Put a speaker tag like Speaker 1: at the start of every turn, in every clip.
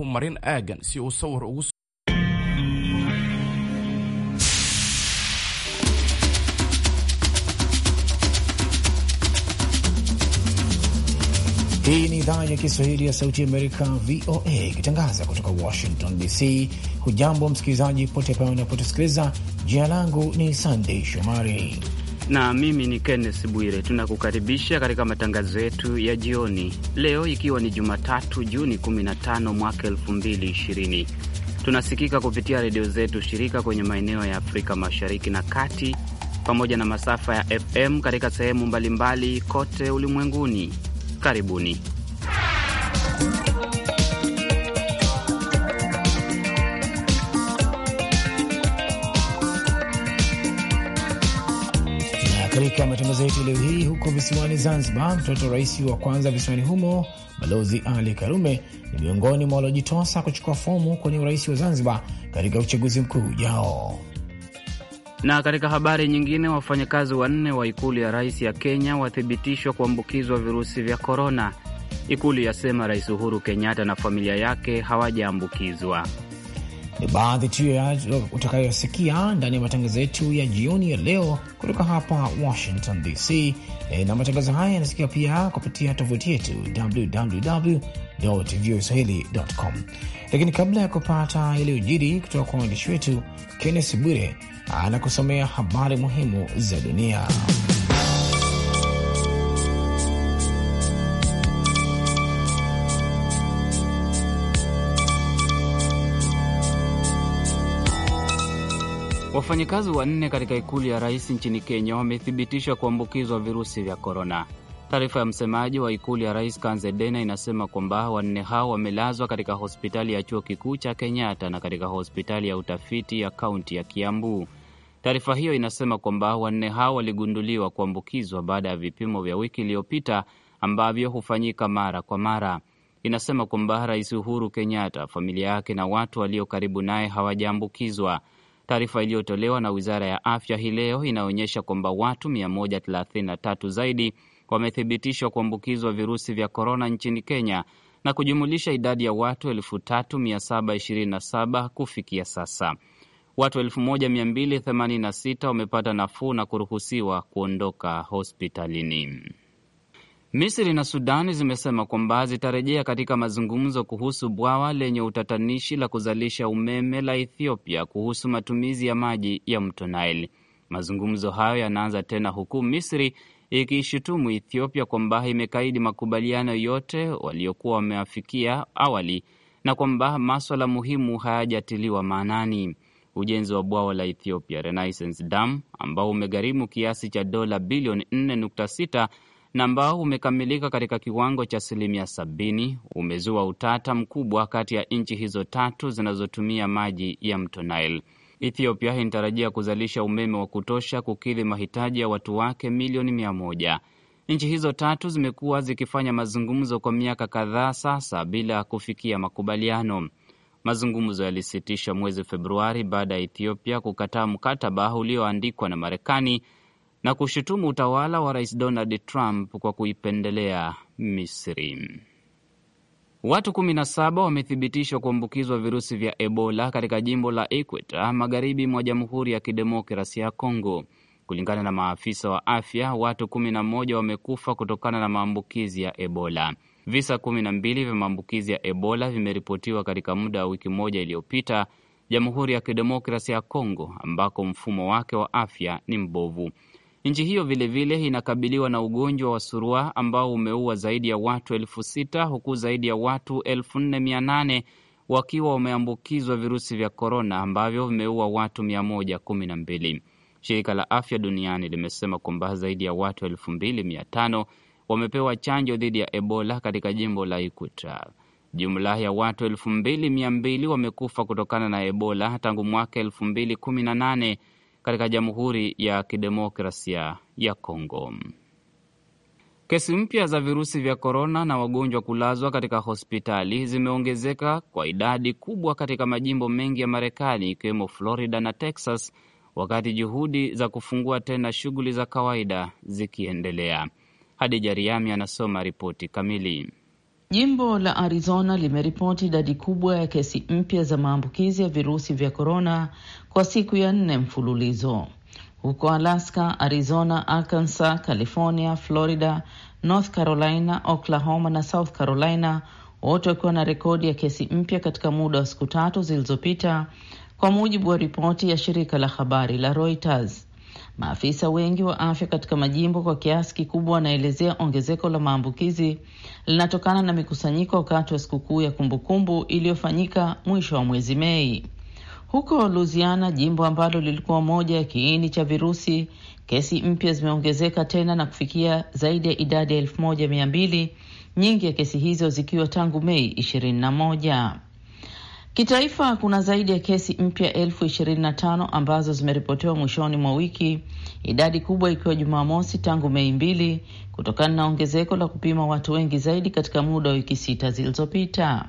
Speaker 1: ku marin aagan si uu sawir ugu
Speaker 2: Hii ni idhaa ya Kiswahili ya Sauti Amerika, VOA, ikitangaza kutoka Washington DC. Hujambo msikilizaji pote pale unapotusikiliza. Jina langu ni sandey Shomari
Speaker 3: na mimi ni Kenneth Bwire. Tunakukaribisha katika matangazo yetu ya jioni leo, ikiwa ni Jumatatu Juni 15 mwaka 2020. Tunasikika kupitia redio zetu shirika kwenye maeneo ya Afrika Mashariki na Kati pamoja na masafa ya FM katika sehemu mbalimbali kote ulimwenguni. Karibuni.
Speaker 2: Katika matangazo yetu leo hii, huko visiwani Zanzibar, mtoto rais wa kwanza visiwani humo Balozi Ali Karume ni miongoni mwa waliojitosa kuchukua fomu kwenye urais wa Zanzibar katika uchaguzi mkuu ujao.
Speaker 3: Na katika habari nyingine, wafanyakazi wanne wa ikulu ya rais ya Kenya wathibitishwa kuambukizwa virusi vya korona. Ikulu yasema Rais Uhuru Kenyatta na familia yake hawajaambukizwa
Speaker 2: ni baadhi tu ya utakayosikia ndani ya matangazo yetu ya jioni ya leo kutoka hapa Washington DC. E, na matangazo haya yanasikia pia kupitia tovuti yetu www voa Lakini kabla ya kupata yaliyojiri kutoka kwa waandishi wetu, Kennes Bwire anakusomea habari muhimu za dunia.
Speaker 3: Wafanyakazi wanne katika ikulu ya rais nchini Kenya wamethibitishwa kuambukizwa virusi vya korona. Taarifa ya msemaji wa ikulu ya rais Kanze Dena inasema kwamba wanne hao wamelazwa katika hospitali ya chuo kikuu cha Kenyatta na katika hospitali ya utafiti ya kaunti ya Kiambu. Taarifa hiyo inasema kwamba wanne hao waligunduliwa kuambukizwa baada ya vipimo vya wiki iliyopita ambavyo hufanyika mara kwa mara. Inasema kwamba Rais Uhuru Kenyatta, familia yake na watu walio karibu naye hawajaambukizwa. Taarifa iliyotolewa na wizara ya afya hii leo inaonyesha kwamba watu 133 zaidi wamethibitishwa kuambukizwa virusi vya korona nchini Kenya na kujumulisha idadi ya watu 3727 kufikia sasa. Watu 1286 wamepata nafuu na kuruhusiwa kuondoka hospitalini. Misri na Sudani zimesema kwamba zitarejea katika mazungumzo kuhusu bwawa lenye utatanishi la kuzalisha umeme la Ethiopia kuhusu matumizi ya maji ya mto Nile. Mazungumzo hayo yanaanza tena huku Misri ikiishutumu Ethiopia kwamba imekaidi makubaliano yote waliokuwa wameafikia awali na kwamba maswala muhimu hayajatiliwa maanani. Ujenzi wa bwawa la Ethiopia Renaissance Dam ambao umegharimu kiasi cha dola bilioni 4.6 na ambao umekamilika katika kiwango cha asilimia sabini umezua utata mkubwa kati ya nchi hizo tatu zinazotumia maji ya mto Nile. Ethiopia inatarajia kuzalisha umeme wa kutosha kukidhi mahitaji ya watu wake milioni mia moja. Nchi hizo tatu zimekuwa zikifanya mazungumzo kwa miaka kadhaa sasa bila kufikia makubaliano. Mazungumzo yalisitishwa mwezi Februari baada ya Ethiopia kukataa mkataba ulioandikwa na Marekani na kushutumu utawala wa Rais Donald Trump kwa kuipendelea Misri. Watu 17 wamethibitishwa kuambukizwa virusi vya Ebola katika jimbo la Equator magharibi mwa Jamhuri ya kidemokrasi ya congo Kulingana na maafisa wa afya, watu 11 wamekufa kutokana na maambukizi ya Ebola. Visa 12 vya maambukizi ya Ebola vimeripotiwa katika muda wa wiki moja iliyopita Jamhuri ya kidemokrasi ya congo ambako mfumo wake wa afya ni mbovu. Nchi hiyo vilevile inakabiliwa na ugonjwa wa surua ambao umeua zaidi ya watu elfu sita huku zaidi ya watu elfu nne mia nane wakiwa wameambukizwa virusi vya korona ambavyo vimeua watu mia moja kumi na mbili. Shirika la Afya Duniani limesema kwamba zaidi ya watu elfu mbili mia tano wamepewa chanjo dhidi ya Ebola katika jimbo la Equateur. Jumla ya watu elfu mbili mia mbili wamekufa kutokana na Ebola tangu mwaka elfu mbili kumi na nane katika Jamhuri ya Kidemokrasia ya Kongo. Kesi mpya za virusi vya korona na wagonjwa kulazwa katika hospitali zimeongezeka kwa idadi kubwa katika majimbo mengi ya Marekani ikiwemo Florida na Texas, wakati juhudi za kufungua tena shughuli za kawaida zikiendelea. Hadija Riami anasoma ripoti kamili.
Speaker 4: Jimbo la Arizona limeripoti idadi kubwa ya kesi mpya za maambukizi ya virusi vya korona kwa siku ya nne mfululizo. Huko Alaska, Arizona, Arkansas, California, Florida, North Carolina, Oklahoma na South Carolina, wote wakiwa na rekodi ya kesi mpya katika muda wa siku tatu zilizopita, kwa mujibu wa ripoti ya shirika la habari la Reuters. Maafisa wengi wa afya katika majimbo kwa kiasi kikubwa wanaelezea ongezeko la maambukizi linatokana na mikusanyiko wakati wa sikukuu ya kumbukumbu iliyofanyika mwisho wa mwezi Mei. Huko Louisiana, jimbo ambalo lilikuwa moja ya kiini cha virusi, kesi mpya zimeongezeka tena na kufikia zaidi ya idadi ya elfu moja mia mbili, nyingi ya kesi hizo zikiwa tangu Mei moja. Kitaifa kuna zaidi ya kesi mpya elfu ishirini na tano ambazo zimeripotiwa mwishoni mwa wiki, idadi kubwa ikiwa Jumamosi tangu Mei mbili, kutokana na ongezeko la kupima watu wengi zaidi katika muda wa wiki sita zilizopita.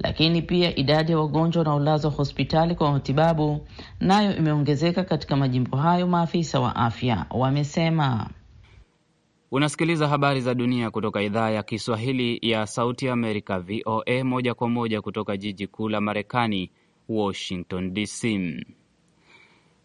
Speaker 4: Lakini pia idadi ya wagonjwa wanaolazwa hospitali kwa matibabu nayo imeongezeka katika majimbo hayo, maafisa wa afya wamesema.
Speaker 3: Unasikiliza habari za dunia kutoka idhaa ya Kiswahili ya sauti Amerika, VOA, moja kwa moja kutoka jiji kuu la Marekani, Washington DC.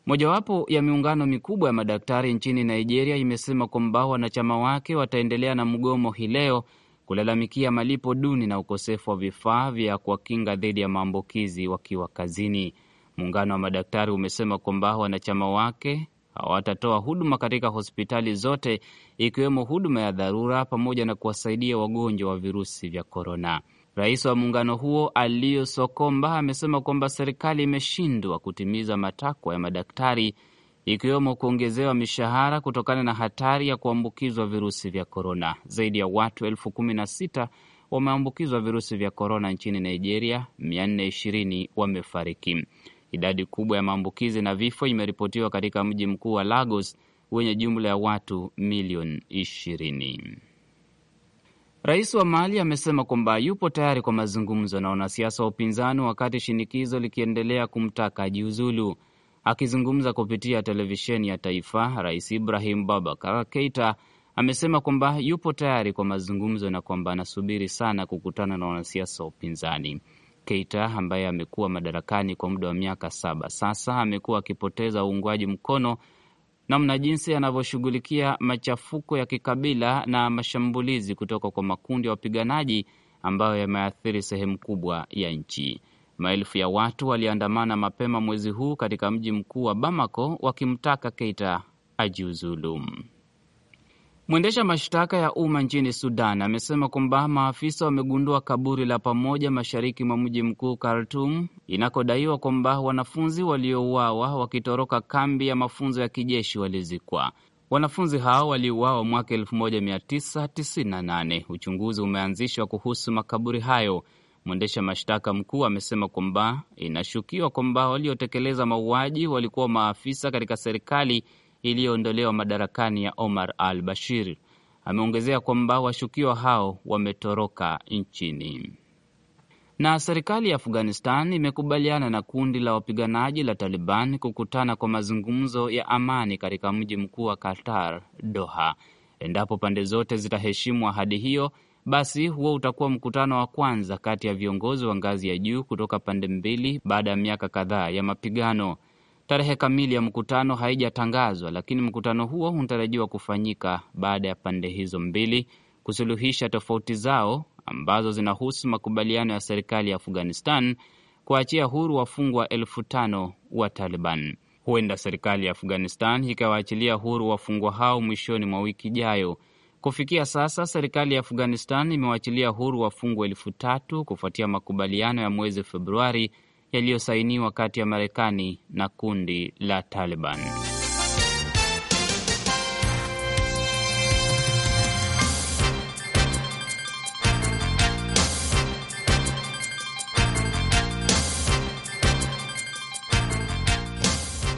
Speaker 3: Mojawapo ya miungano mikubwa ya madaktari nchini Nigeria imesema kwamba wanachama wake wataendelea na mgomo hii leo kulalamikia malipo duni na ukosefu wa vifaa vya kuwakinga dhidi ya maambukizi wakiwa kazini. Muungano wa madaktari umesema kwamba wanachama wake watatoa huduma katika hospitali zote ikiwemo huduma ya dharura pamoja na kuwasaidia wagonjwa wa virusi vya korona. Rais wa muungano huo Alio Sokomba amesema kwamba serikali imeshindwa kutimiza matakwa ya madaktari ikiwemo kuongezewa mishahara kutokana na hatari ya kuambukizwa virusi vya korona. Zaidi ya watu elfu kumi na sita wameambukizwa virusi vya korona nchini Nigeria, 420 wamefariki. Idadi kubwa ya maambukizi na vifo imeripotiwa katika mji mkuu wa Lagos wenye jumla ya watu milioni ishirini. Rais wa Mali amesema kwamba yupo tayari kwa mazungumzo na wanasiasa wa upinzani wakati shinikizo likiendelea kumtaka ajiuzulu. Akizungumza kupitia televisheni ya taifa, Rais Ibrahim Babakar Keita amesema kwamba yupo tayari kwa mazungumzo na kwamba anasubiri sana kukutana na wanasiasa wa upinzani. Keita ambaye amekuwa madarakani kwa muda wa miaka saba sasa, amekuwa akipoteza uungwaji mkono namna jinsi anavyoshughulikia machafuko ya kikabila na mashambulizi kutoka kwa makundi ya wapiganaji ambayo yameathiri sehemu kubwa ya nchi. Maelfu ya watu waliandamana mapema mwezi huu katika mji mkuu wa Bamako wakimtaka Keita ajiuzulu. Mwendesha mashtaka ya umma nchini Sudan amesema kwamba maafisa wamegundua kaburi la pamoja mashariki mwa mji mkuu Khartum, inakodaiwa kwamba wanafunzi waliouawa wakitoroka kambi ya mafunzo ya kijeshi walizikwa. Wanafunzi hao waliuawa mwaka 1998. Uchunguzi umeanzishwa kuhusu makaburi hayo. Mwendesha mashtaka mkuu amesema kwamba inashukiwa kwamba waliotekeleza mauaji walikuwa maafisa katika serikali iliyoondolewa madarakani ya Omar al-Bashir. Ameongezea kwamba washukiwa hao wametoroka nchini. Na serikali ya Afghanistan imekubaliana na kundi la wapiganaji la Taliban kukutana kwa mazungumzo ya amani katika mji mkuu wa Qatar, Doha. Endapo pande zote zitaheshimu ahadi hiyo, basi huo utakuwa mkutano wa kwanza kati ya viongozi wa ngazi ya juu kutoka pande mbili baada ya miaka kadhaa ya mapigano. Tarehe kamili ya mkutano haijatangazwa lakini mkutano huo unatarajiwa kufanyika baada ya pande hizo mbili kusuluhisha tofauti zao ambazo zinahusu makubaliano ya serikali ya Afghanistan kuachia huru wafungwa elfu tano wa Taliban. Huenda serikali ya Afghanistan ikawaachilia huru wafungwa hao mwishoni mwa wiki ijayo. Kufikia sasa, serikali ya Afghanistan imewaachilia huru wafungwa elfu tatu kufuatia makubaliano ya mwezi Februari yaliyosainiwa kati ya Marekani na kundi la Taliban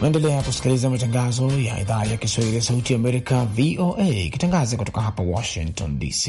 Speaker 2: Naendelea kusikiliza matangazo ya idhaa ya Kiswahili ya Sauti ya Amerika, VOA, ikitangaza kutoka hapa Washington DC.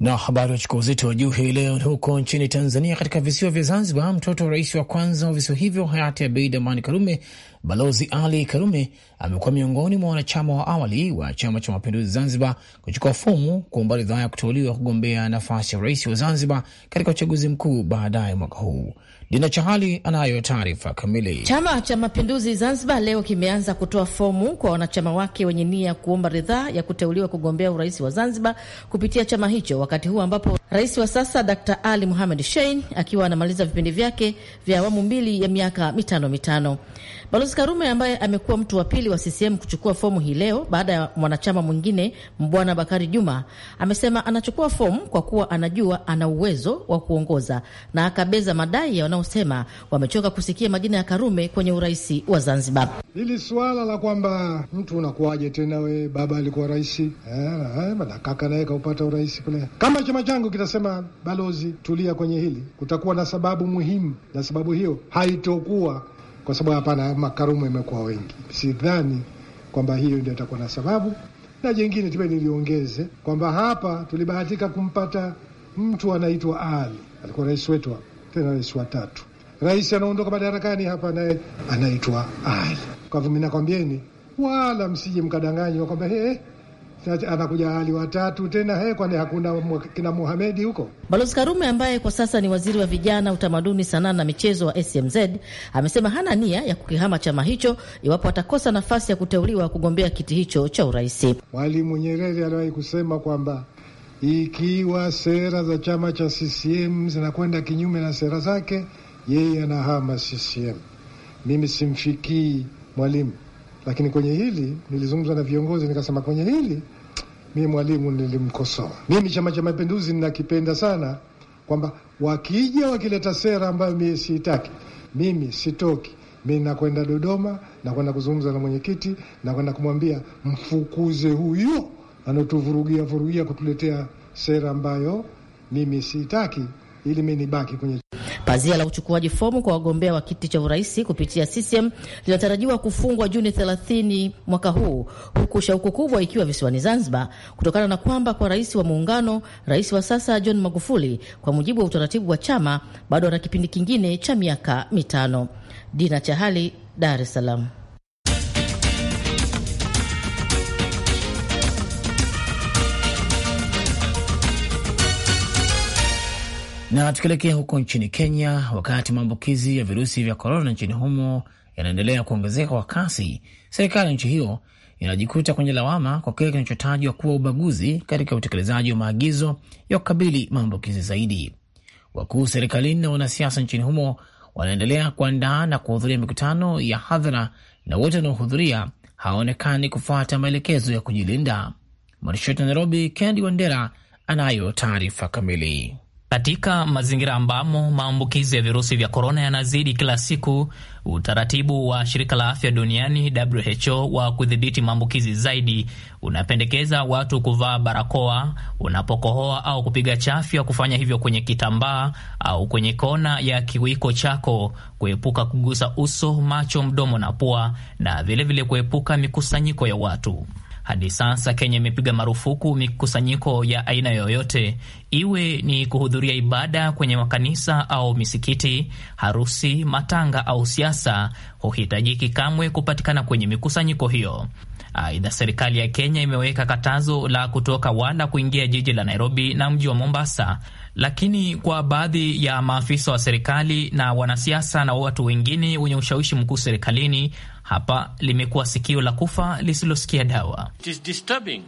Speaker 2: Na habari wachukua uzito wa juu hii leo ni huko nchini Tanzania, katika visiwa vya Zanzibar. Mtoto wa rais wa kwanza wa visiwa hivyo hayati Abeid Amani Karume, Balozi Ali Karume, amekuwa miongoni mwa wanachama wa awali wa Chama cha Mapinduzi Zanzibar kuchukua fomu kuomba ridhaa ya kuteuliwa kugombea nafasi ya urais wa Zanzibar katika uchaguzi mkuu baadaye mwaka huu. Dina Chahali anayo taarifa kamili.
Speaker 5: Chama cha Mapinduzi Zanzibar leo kimeanza kutoa fomu kwa wanachama wake wenye nia ya kuomba ridhaa ya kuteuliwa kugombea urais wa Zanzibar kupitia chama hicho, wakati huu ambapo Rais wa sasa Dr Ali muhamed Shein akiwa anamaliza vipindi vyake vya awamu mbili ya miaka mitano mitano. Balozi Karume ambaye amekuwa mtu wa pili wa CCM kuchukua fomu hii leo baada ya mwanachama mwingine Mbwana Bakari Juma, amesema anachukua fomu kwa kuwa anajua ana uwezo wa kuongoza na akabeza madai ya wanaosema wamechoka kusikia majina ya Karume kwenye urais wa Zanzibar.
Speaker 6: Hili suala la kwamba mtu unakuwaje tena we, baba alikuwa rais eh, na eh, kaka naye kaupata urais kule, kama chama changu kita akasema, balozi, tulia kwenye hili, kutakuwa na sababu muhimu, na sababu hiyo haitokuwa kwa sababu hapana, makarumu imekuwa wengi. Sidhani kwamba hiyo ndio itakuwa na sababu. Na jingine tupe niliongeze kwamba hapa tulibahatika kumpata mtu anaitwa Ali, alikuwa rais wetu tena rais wa tatu. Rais anaondoka madarakani hapa, naye anaitwa Ali. Kwa hivyo, mimi nakwambieni, wala msije mkadanganywa kwamba hey, sasa anakuja hali watatu tena he, eh, kwani hakuna kina Muhamedi huko?
Speaker 5: Balozi Karume ambaye kwa sasa ni waziri wa vijana, utamaduni, sanaa na michezo wa SMZ amesema hana nia ya kukihama chama hicho iwapo atakosa nafasi ya
Speaker 6: kuteuliwa kugombea kiti hicho cha urais. Mwalimu Nyerere aliwahi kusema kwamba ikiwa sera za chama cha CCM zinakwenda kinyume na sera zake, yeye anahama CCM. Mimi simfikii mwalimu lakini kwenye hili nilizungumza na viongozi nikasema, kwenye hili mimi Mwalimu nilimkosoa. Mimi Chama cha Mapinduzi ninakipenda sana, kwamba wakija wakileta sera ambayo mimi siitaki, mimi sitoki mi nakwenda Dodoma, nakwenda kuzungumza na mwenyekiti, nakwenda kumwambia mfukuze huyo anatuvurugia vurugia kutuletea sera ambayo mimi siitaki ili mi nibaki kwenye
Speaker 5: Pazia la uchukuaji fomu kwa wagombea wa kiti cha urais kupitia CCM linatarajiwa kufungwa Juni 30 mwaka huu, huku shauku kubwa ikiwa visiwani Zanzibar kutokana na kwamba kwa rais wa muungano, rais wa sasa John Magufuli, kwa mujibu wa utaratibu wa chama, bado ana kipindi kingine cha miaka mitano. Dina Chahali, Dar es Salaam.
Speaker 2: Na tukielekea huko nchini Kenya, wakati maambukizi ya virusi vya korona nchini humo yanaendelea kuongezeka kwa kasi, serikali ya nchi hiyo inajikuta kwenye lawama kwa kile kinachotajwa kuwa ubaguzi katika utekelezaji wa maagizo ya kukabili maambukizi zaidi. Wakuu serikalini na wanasiasa nchini humo wanaendelea kuandaa na kuhudhuria mikutano ya hadhara, na wote wanaohudhuria hawaonekani kufuata maelekezo ya kujilinda. Mwandishi wetu wa Nairobi, kendi Wandera,
Speaker 7: anayo taarifa kamili. Katika mazingira ambamo maambukizi ya virusi vya korona yanazidi kila siku, utaratibu wa shirika la afya duniani WHO wa kudhibiti maambukizi zaidi unapendekeza watu kuvaa barakoa unapokohoa au kupiga chafya, kufanya hivyo kwenye kitambaa au kwenye kona ya kiwiko chako, kuepuka kugusa uso, macho, mdomo na pua, na vilevile kuepuka mikusanyiko ya watu. Hadi sasa Kenya imepiga marufuku mikusanyiko ya aina yoyote, iwe ni kuhudhuria ibada kwenye makanisa au misikiti, harusi, matanga au siasa. Huhitajiki kamwe kupatikana kwenye mikusanyiko hiyo. Aidha, serikali ya Kenya imeweka katazo la kutoka wala kuingia jiji la Nairobi na mji wa Mombasa lakini kwa baadhi ya maafisa wa serikali na wanasiasa na watu wengine wenye ushawishi mkuu serikalini, hapa limekuwa sikio la kufa lisilosikia dawa.
Speaker 6: It is disturbing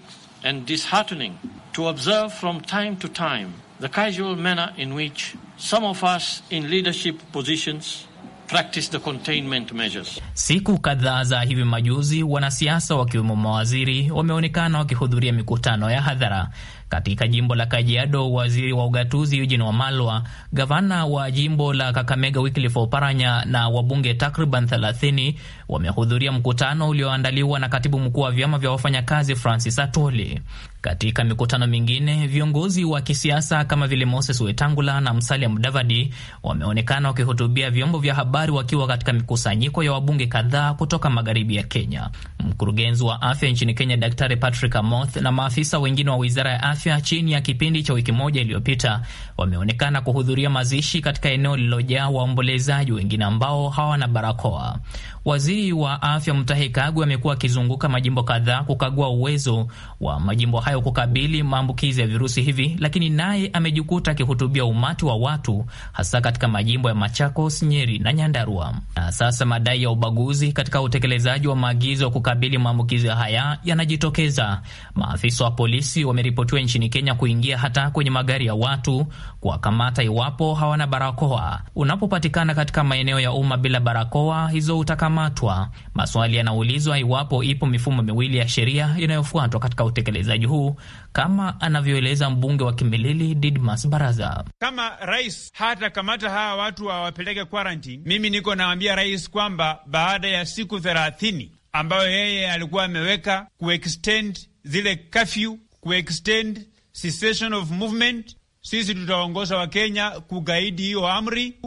Speaker 6: and disheartening to observe from time to time the casual manner in which some of us in leadership positions practice the containment measures.
Speaker 7: Siku kadhaa za hivi majuzi, wanasiasa wakiwemo mawaziri wameonekana wakihudhuria mikutano ya hadhara katika jimbo la Kajiado, waziri wa ugatuzi Eugene Wamalwa, gavana wa jimbo la Kakamega Wycliffe Oparanya na wabunge takriban 30 wamehudhuria mkutano ulioandaliwa na katibu mkuu wa vyama vya wafanyakazi Francis atoli katika mikutano mingine, viongozi wa kisiasa kama vile Moses Wetangula na Musalia Mudavadi wameonekana wakihutubia vyombo vya habari wakiwa katika mikusanyiko ya wabunge kadhaa kutoka magharibi ya Kenya. Mkurugenzi wa afya nchini Kenya Daktari Patrick Amoth na maafisa wengine wa wizara ya afya chini ya kipindi cha wiki moja iliyopita wameonekana kuhudhuria mazishi katika eneo lililojaa waombolezaji wengine ambao hawana barakoa. Waziri wa afya Mutahi Kagwe amekuwa akizunguka majimbo kadhaa kukagua uwezo wa majimbo hayo kukabili maambukizi ya virusi hivi, lakini naye amejikuta akihutubia umati wa watu hasa katika majimbo ya Machakos, Nyeri na Nyandarua. Na sasa madai ya ubaguzi katika utekelezaji wa maagizo ya kukabili maambukizi haya yanajitokeza. Maafisa wa polisi wameripotiwa nchini Kenya kuingia hata kwenye magari ya watu kuwakamata iwapo hawana barakoa. Unapopatikana katika maeneo ya umma bila barakoa hizo utaka kukamatwa. Maswali yanaulizwa iwapo ipo mifumo miwili ya sheria inayofuatwa katika utekelezaji huu, kama anavyoeleza mbunge wa Kimilili Didmas Baraza.
Speaker 8: Kama rais hatakamata hawa watu wawapeleke quarantine, mimi niko nawambia rais kwamba baada ya siku thelathini ambayo yeye alikuwa ameweka kuextend zile kafyu, kuextend cessation of movement, sisi tutaongoza Wakenya kugaidi hiyo amri.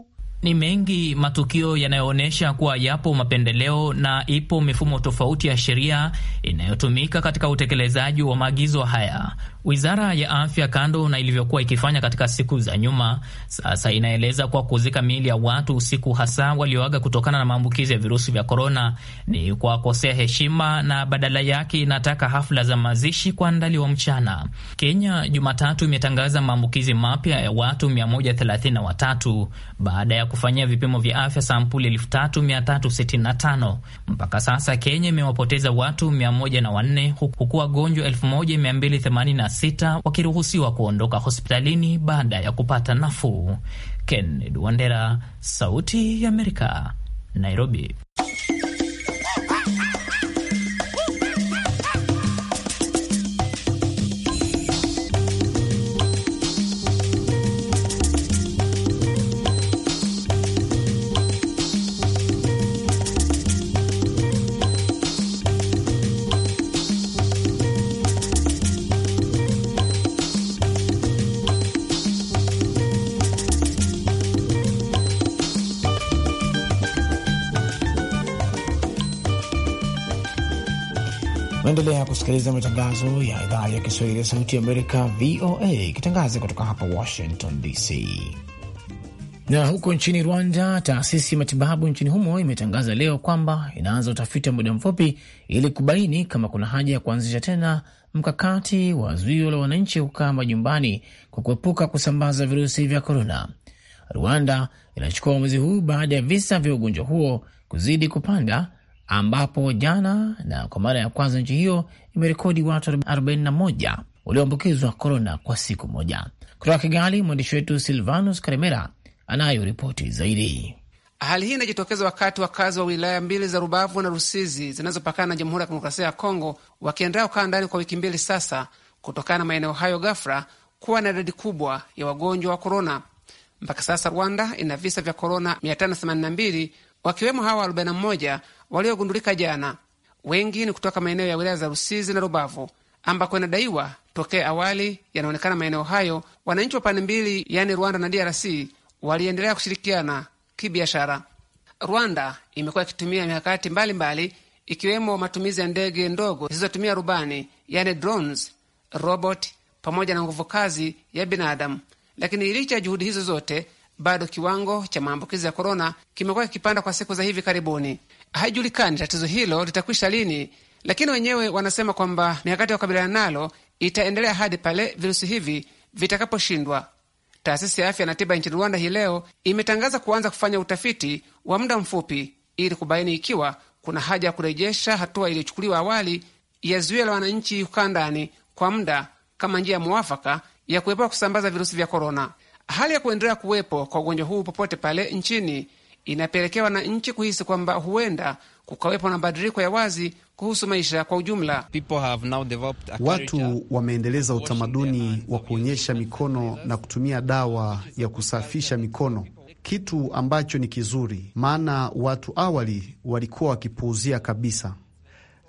Speaker 7: Ni mengi matukio yanayoonyesha kuwa yapo mapendeleo na ipo mifumo tofauti ya sheria inayotumika katika utekelezaji wa maagizo haya. Wizara ya Afya, kando na ilivyokuwa ikifanya katika siku za nyuma, sasa inaeleza kuwa kuzika miili ya watu usiku, hasa walioaga kutokana na maambukizi ya virusi vya korona, ni kuwakosea heshima na badala yake inataka hafla za mazishi kuandaliwa mchana. Kenya Jumatatu imetangaza maambukizi mapya ya watu 133 baada ya kufanyia vipimo vya afya sampuli 3365. Mpaka sasa Kenya imewapoteza watu 104 huku wagonjwa 1286 sita wakiruhusiwa kuondoka hospitalini baada ya kupata nafuu. Kennedy Wandera, Sauti ya Amerika, Nairobi.
Speaker 2: Unaendelea kusikiliza matangazo ya idhaa ya Kiswahili ya Sauti ya Amerika, VOA, ikitangaza kutoka hapa Washington DC. Na huko nchini Rwanda, taasisi ya matibabu nchini humo imetangaza leo kwamba inaanza utafiti wa muda mfupi ili kubaini kama kuna haja ya kuanzisha tena mkakati wa zuio la wananchi kukaa majumbani kwa kuepuka kusambaza virusi vya korona. Rwanda inachukua uamuzi huu baada ya visa vya ugonjwa huo kuzidi kupanda ambapo jana na kwa mara ya kwanza nchi hiyo imerekodi watu 41 walioambukizwa korona kwa siku moja. Kutoka Kigali, mwandishi wetu Silvanus Karemera anayo ripoti zaidi.
Speaker 9: Hali hii inajitokeza wakati wakazi wa wilaya mbili za Rubavu na Rusizi zinazopakana na Jamhuri ya Kidemokrasia ya Kongo wakiendelea kukaa ndani kwa wiki mbili sasa, kutokana na maeneo hayo ghafla kuwa na idadi kubwa ya wagonjwa wa korona. Mpaka sasa Rwanda ina visa vya korona 582 wakiwemo hawa 41 waliogundulika jana. Wengi ni kutoka maeneo ya wilaya za Rusizi na Rubavu ambako inadaiwa tokea awali yanaonekana maeneo hayo wananchi wa pande mbili, yani Rwanda na DRC waliendelea kushirikiana kibiashara. Rwanda imekuwa ikitumia mikakati mbalimbali ikiwemo matumizi ya ndege ndogo zisizotumia rubani, yani drones, robot pamoja na nguvu kazi ya binadamu. Lakini licha ya juhudi hizo zote, bado kiwango cha maambukizi ya korona kimekuwa kikipanda kwa siku za hivi karibuni. Haijulikani tatizo hilo litakwisha lini, lakini wenyewe wanasema kwamba mikakati ya kukabiliana nalo itaendelea hadi pale virusi hivi vitakaposhindwa. Taasisi ya afya na tiba nchini Rwanda hii leo imetangaza kuanza kufanya utafiti wa muda mfupi ili kubaini ikiwa kuna haja ya kurejesha hatua iliyochukuliwa awali ya zuio la wananchi kukaa ndani kwa muda kama njia ya mwafaka ya kuepuka kusambaza virusi vya korona. Hali ya kuendelea kuwepo kwa ugonjwa huu popote pale nchini inapelekea wananchi kuhisi kwamba huenda kukawepo na mabadiliko ya wazi kuhusu maisha kwa ujumla. Watu
Speaker 10: wameendeleza utamaduni wa kuonyesha mikono na kutumia dawa ya kusafisha mikono, kitu ambacho ni kizuri, maana watu awali walikuwa wakipuuzia kabisa,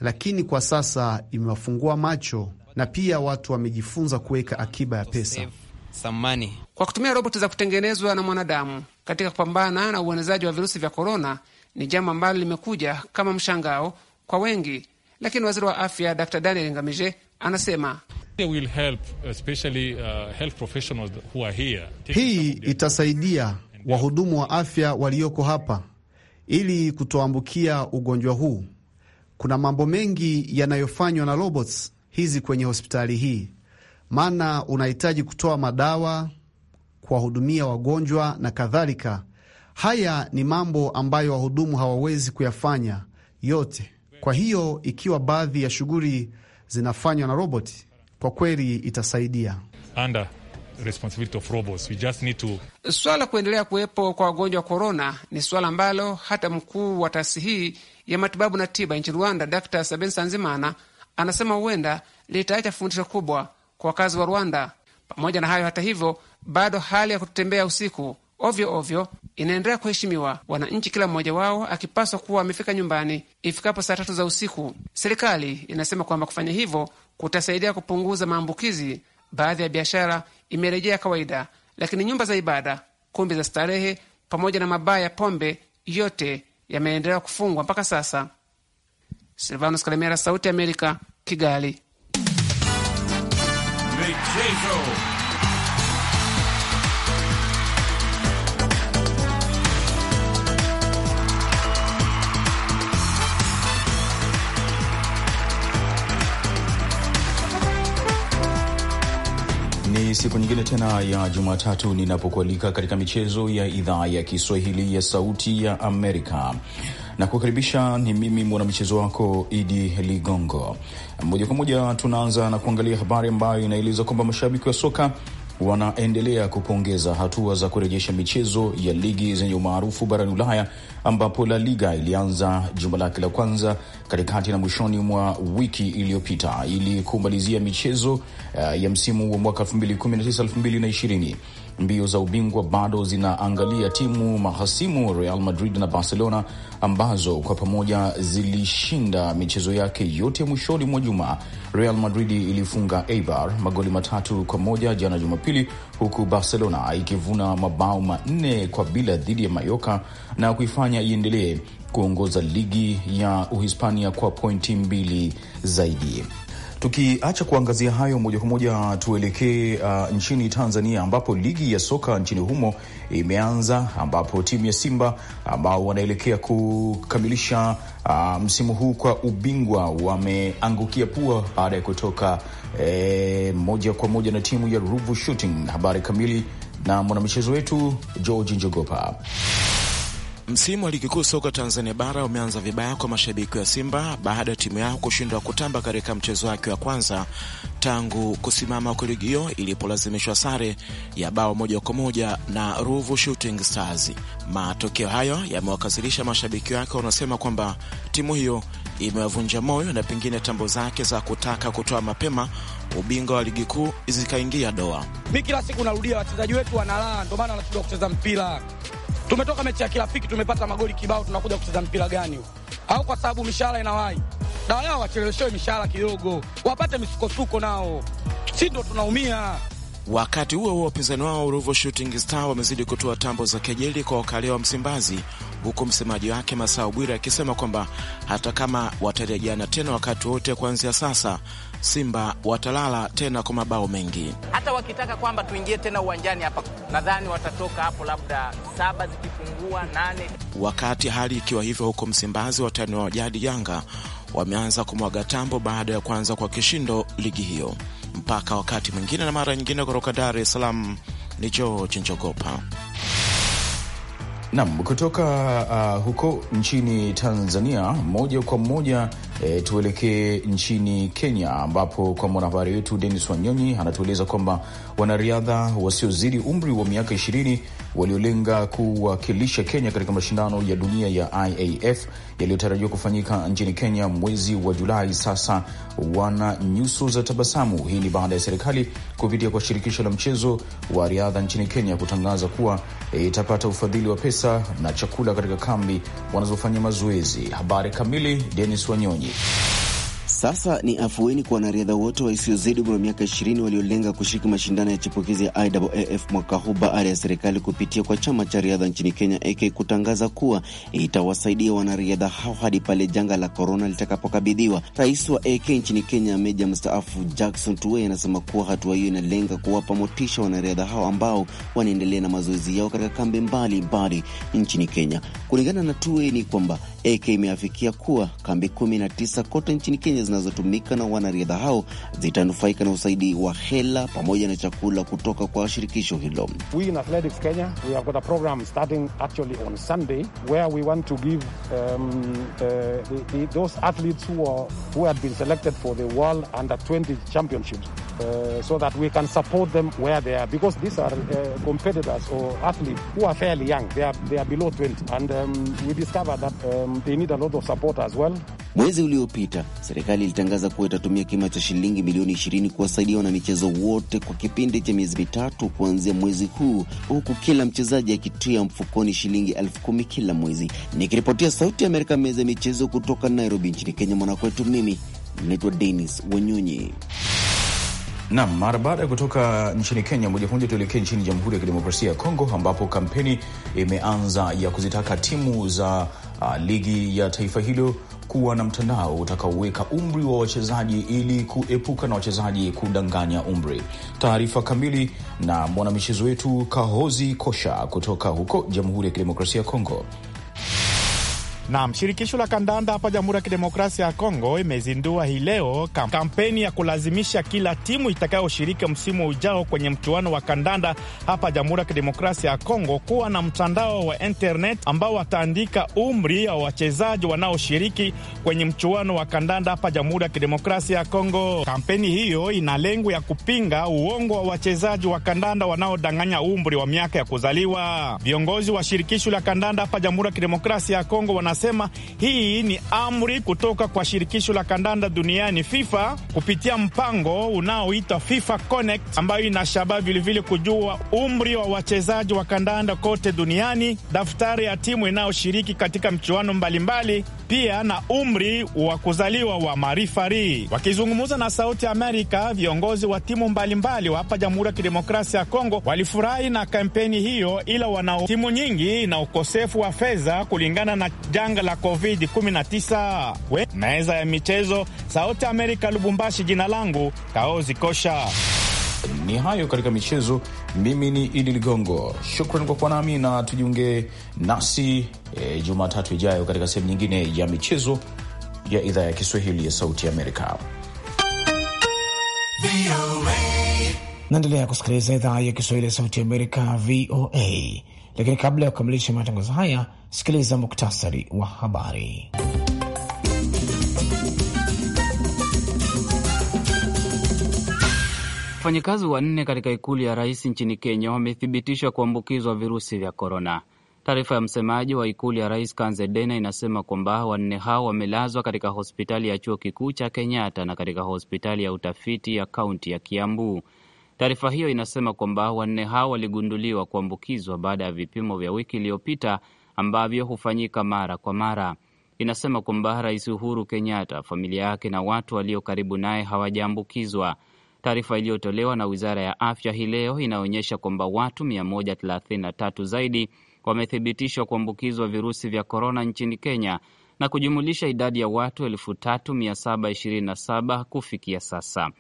Speaker 10: lakini kwa sasa imewafungua macho, na pia watu wamejifunza kuweka akiba ya pesa.
Speaker 9: Kwa kutumia roboti za kutengenezwa na mwanadamu katika kupambana na uenezaji wa virusi vya korona ni jambo ambalo limekuja kama mshangao kwa wengi, lakini waziri wa afya Dr Daniel Ngamije anasema Will help, especially, uh,
Speaker 7: health professionals who are here.
Speaker 10: Hii itasaidia wahudumu wa afya walioko hapa ili kutoambukia ugonjwa huu. Kuna mambo mengi yanayofanywa na robots hizi kwenye hospitali hii, maana unahitaji kutoa madawa kuwahudumia wagonjwa na kadhalika. Haya ni mambo ambayo wahudumu hawawezi kuyafanya yote. Kwa hiyo ikiwa baadhi ya shughuli zinafanywa na roboti, kwa kweli itasaidia.
Speaker 9: Anda. to... Swala kuendelea kuwepo kwa wagonjwa wa korona ni swala ambalo hata mkuu wa taasisi hii ya matibabu na tiba nchini Rwanda, Dr Sabin Sanzimana anasema huenda litaacha fundisho kubwa kwa wakazi wa Rwanda pamoja na hayo, hata hivyo, bado hali ya kutembea usiku ovyo ovyo inaendelea kuheshimiwa, wananchi kila mmoja wao akipaswa kuwa amefika nyumbani ifikapo saa tatu za usiku. Serikali inasema kwamba kufanya hivyo kutasaidia kupunguza maambukizi. Baadhi ya biashara imerejea kawaida, lakini nyumba za ibada, kumbi za starehe pamoja na mabaa ya pombe yote yameendelea kufungwa mpaka sasa. Silvanus Kalemera, Sauti ya Amerika, Kigali ni
Speaker 1: Siku nyingine tena ya Jumatatu ninapokualika katika michezo ya idhaa ya Kiswahili ya Sauti ya Amerika na kukaribisha. Ni mimi mwanamichezo wako Idi Ligongo. Moja kwa moja tunaanza na kuangalia habari ambayo inaeleza kwamba mashabiki wa soka wanaendelea kupongeza hatua za kurejesha michezo ya ligi zenye umaarufu barani Ulaya, ambapo La Liga ilianza juma lake la kwanza katikati na mwishoni mwa wiki iliyopita ili kumalizia michezo uh, ya msimu wa mwaka 2019/2020 mbio za ubingwa bado zinaangalia timu mahasimu Real Madrid na Barcelona ambazo kwa pamoja zilishinda michezo yake yote mwishoni mwa juma. Real Madrid ilifunga Eibar magoli matatu kwa moja jana Jumapili, huku Barcelona ikivuna mabao manne kwa bila dhidi ya Mayoka na kuifanya iendelee kuongoza ligi ya Uhispania kwa pointi mbili
Speaker 11: zaidi.
Speaker 1: Tukiacha kuangazia hayo moja kwa moja, tuelekee uh, nchini Tanzania ambapo ligi ya soka nchini humo imeanza, ambapo timu ya Simba ambao wanaelekea kukamilisha uh, msimu huu kwa ubingwa wameangukia pua baada ya kutoka eh, moja kwa moja na timu ya Ruvu
Speaker 11: Shooting. Habari kamili na mwanamichezo wetu George Njogopa. Msimu wa ligi kuu soka Tanzania bara umeanza vibaya kwa mashabiki wa Simba baada ya timu yao kushindwa kutamba katika mchezo wake wa kwanza tangu kusimama kwa ligi hiyo ilipolazimishwa sare ya bao moja kwa moja na Ruvu Shooting Stars. Matokeo hayo yamewakasirisha mashabiki wake wanaosema kwamba timu hiyo imewavunja moyo na pengine tambo zake za kutaka kutoa mapema ubingwa wa ligi kuu zikaingia doa.
Speaker 2: Mi kila siku narudia, wachezaji wetu wanalaa, ndio maana wanashindwa kucheza mpira Tumetoka mechi ya kirafiki, tumepata magoli kibao, tunakuja kucheza mpira gani huu? Au kwa sababu mishahara inawai dawa yao, wacheleweshewe mishahara kidogo, wapate misukosuko nao, si ndo tunaumia.
Speaker 11: Wakati huo huo, wapinzani wao Ruvu Shooting Star wamezidi kutoa tambo za kejeli kwa wakali wa Msimbazi, huku msemaji wake Masao Bwira akisema kwamba hata kama watarejeana tena wakati wote kuanzia sasa Simba watalala tena kwa mabao mengi.
Speaker 2: Hata wakitaka kwamba tuingie tena uwanjani hapa, nadhani watatoka hapo labda saba zikipungua nane.
Speaker 11: Wakati hali ikiwa hivyo, huko Msimbazi, watani wa jadi Yanga wameanza kumwaga tambo baada ya kuanza kwa kishindo ligi hiyo. Mpaka wakati mwingine na mara nyingine, kutoka Dar es Salaam ni George Njogopa.
Speaker 1: Nam kutoka uh, huko nchini Tanzania, moja kwa moja E, tuelekee nchini Kenya ambapo kwa mwanahabari wetu Denis Wanyonyi anatueleza kwamba wanariadha wasiozidi umri wa miaka ishirini waliolenga kuwakilisha Kenya katika mashindano ya dunia ya IAF yaliyotarajiwa kufanyika nchini Kenya mwezi wa Julai sasa wana nyuso za tabasamu. Hii ni baada ya serikali kupitia kwa shirikisho la mchezo wa riadha nchini Kenya kutangaza kuwa itapata ufadhili wa pesa na chakula
Speaker 12: katika kambi wanazofanya mazoezi. Habari kamili, Denis Wanyonyi. Sasa ni afueni kwa wanariadha wote wasiozidi umri wa miaka ishirini waliolenga kushiriki mashindano ya chipukizi ya IAAF mwaka huu baada ya serikali kupitia kwa chama cha riadha nchini Kenya AK kutangaza kuwa itawasaidia wanariadha hao hadi pale janga la korona litakapokabidhiwa. Rais wa AK nchini Kenya, meja mstaafu Jackson Tuwei, anasema kuwa hatua hiyo inalenga kuwapa motisha wanariadha hao ambao wanaendelea na mazoezi yao katika kambi mbalimbali nchini Kenya. Kulingana na Tuwei ni kwamba AK imeafikia kuwa kambi tisa kote nchini Kenya zinazotumika na wanariadha hao zitanufaika na usaidi wa hela pamoja na chakula kutoka kwa shirikisho hilo.
Speaker 11: Uh, so that we can support them where they are because these are uh, competitors or athletes who are fairly young they are, they are below 20 and um, we that um, they need a lot of support as well.
Speaker 12: Mwezi uliopita serikali Serikali ilitangaza kuwa itatumia kima cha shilingi milioni 20 kuwasaidia wanamichezo wote kwa kipindi cha miezi mitatu kuanzia mwezi huu, huku kila mchezaji akitia mfukoni shilingi elfu kumi kila mwezi. Nikiripotia Sauti ya Amerika, meza ya michezo kutoka Nairobi nchini Kenya, mwanakwetu, mimi naitwa Denis Wanyonyi.
Speaker 1: Nam, mara baada ya kutoka nchini Kenya, moja kwa moja tuelekee nchini Jamhuri ya Kidemokrasia ya Kongo, ambapo kampeni imeanza ya kuzitaka timu za uh, ligi ya taifa hilo kuwa na mtandao utakaoweka umri wa wachezaji ili kuepuka na wachezaji kudanganya umri. Taarifa kamili na mwanamichezo wetu Kahozi Kosha kutoka huko Jamhuri ya Kidemokrasia ya Kongo.
Speaker 8: Nam, shirikisho la kandanda hapa Jamhuri ya Kidemokrasia ya Kongo imezindua hii leo kampeni ya kulazimisha kila timu itakayoshiriki msimu ujao kwenye mchuano wa kandanda hapa Jamhuri ya Kidemokrasia ya Kongo kuwa na mtandao wa internet ambao wataandika umri wa wachezaji wanaoshiriki kwenye mchuano wa kandanda hapa Jamhuri ya Kidemokrasia ya Kongo. Kampeni hiyo ina lengo ya kupinga uongo wa wachezaji wa kandanda wanaodanganya umri wa miaka ya kuzaliwa. Viongozi wa shirikisho la kandanda hapa Jamhuri ya Kidemokrasia ya Kongo wana anasema hii ni amri kutoka kwa shirikisho la kandanda duniani FIFA kupitia mpango unaoitwa FIFA Connect, ambayo ina shabaha vilevile kujua umri wa wachezaji wa kandanda kote duniani, daftari ya timu inayoshiriki katika mchuano mbalimbali pia na umri wa kuzaliwa wa Marifari. Wakizungumza na Sauti Amerika, viongozi wa timu mbalimbali wa hapa Jamhuri ya Kidemokrasia ya Kongo walifurahi na kampeni hiyo, ila wana timu nyingi na ukosefu wa fedha kulingana na janga la COVID-19. Meza ya michezo, Sauti Amerika, Lubumbashi. Jina langu Kaozi Kosha. Ni hayo katika michezo.
Speaker 1: Mimi ni Idi Ligongo, shukran kwa kuwa nami na tujiunge nasi e, Jumatatu ijayo katika sehemu nyingine ya michezo ya idhaa ya Kiswahili ya Sauti
Speaker 2: Amerika. Naendelea kusikiliza idhaa ya Kiswahili ya Sauti Amerika, VOA. Lakini kabla ya kukamilisha matangazo haya,
Speaker 3: sikiliza muktasari wa habari. Wafanyakazi wanne katika ikulu ya rais nchini Kenya wamethibitishwa kuambukizwa virusi vya korona. Taarifa ya msemaji wa ikulu ya rais Kanze Dena inasema kwamba wanne hao wamelazwa katika hospitali ya chuo kikuu cha Kenyatta na katika hospitali ya utafiti ya kaunti ya Kiambu. Taarifa hiyo inasema kwamba wanne hao waligunduliwa kuambukizwa baada ya vipimo vya wiki iliyopita ambavyo hufanyika mara kwa mara. Inasema kwamba Rais Uhuru Kenyatta, familia yake na watu walio karibu naye hawajaambukizwa. Taarifa iliyotolewa na wizara ya afya hii leo inaonyesha kwamba watu 133 zaidi wamethibitishwa kuambukizwa virusi vya korona nchini Kenya na kujumulisha idadi ya watu 3727 kufikia sasa.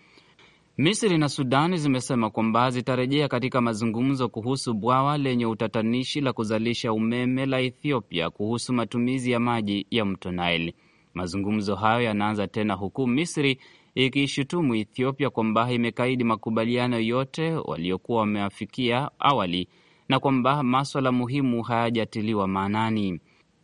Speaker 3: Misri na Sudani zimesema kwamba zitarejea katika mazungumzo kuhusu bwawa lenye utatanishi la kuzalisha umeme la Ethiopia kuhusu matumizi ya maji ya mto Nile. Mazungumzo hayo yanaanza tena huku Misri ikishutumu Ethiopia kwamba imekaidi makubaliano yote waliokuwa wameafikia awali na kwamba maswala muhimu hayajatiliwa maanani.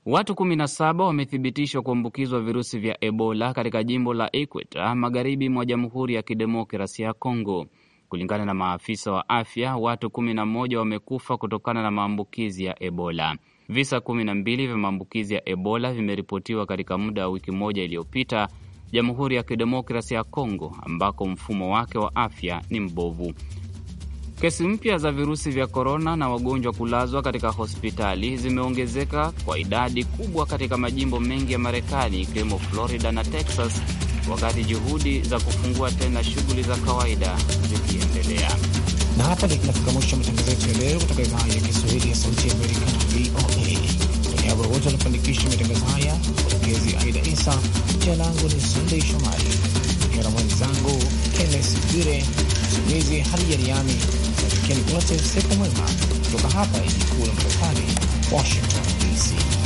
Speaker 3: Watu 17 wamethibitishwa kuambukizwa virusi vya Ebola katika jimbo la Equator magharibi mwa Jamhuri ya Kidemokrasia ya Kongo. Kulingana na maafisa wa afya, watu 11 wamekufa kutokana na maambukizi ya Ebola. Visa 12 vya maambukizi ya Ebola vimeripotiwa katika muda wa wiki moja iliyopita Jamhuri ya Kidemokrasi ya Kongo ambako mfumo wake wa afya ni mbovu. Kesi mpya za virusi vya korona na wagonjwa kulazwa katika hospitali zimeongezeka kwa idadi kubwa katika majimbo mengi ya Marekani ikiwemo Florida na Texas, wakati juhudi za kufungua tena shughuli za kawaida zikiendelea.
Speaker 2: Na hapa ndio tunafika mwisho wa matangazo yetu ya leo kutoka idhaa ya Kiswahili ya Sauti ya Amerika, VOA. Kwa niaba wote wanafanikisha matangazo haya mwelekezi Aida Isa. Jina langu ni Sunday Shomari ikiwa na mwenzangu Kennes Bwire, msimamizi Hadija Riami. Natakieni wote mwema kutoka hapa jiji kuu la Marekani, Washington DC.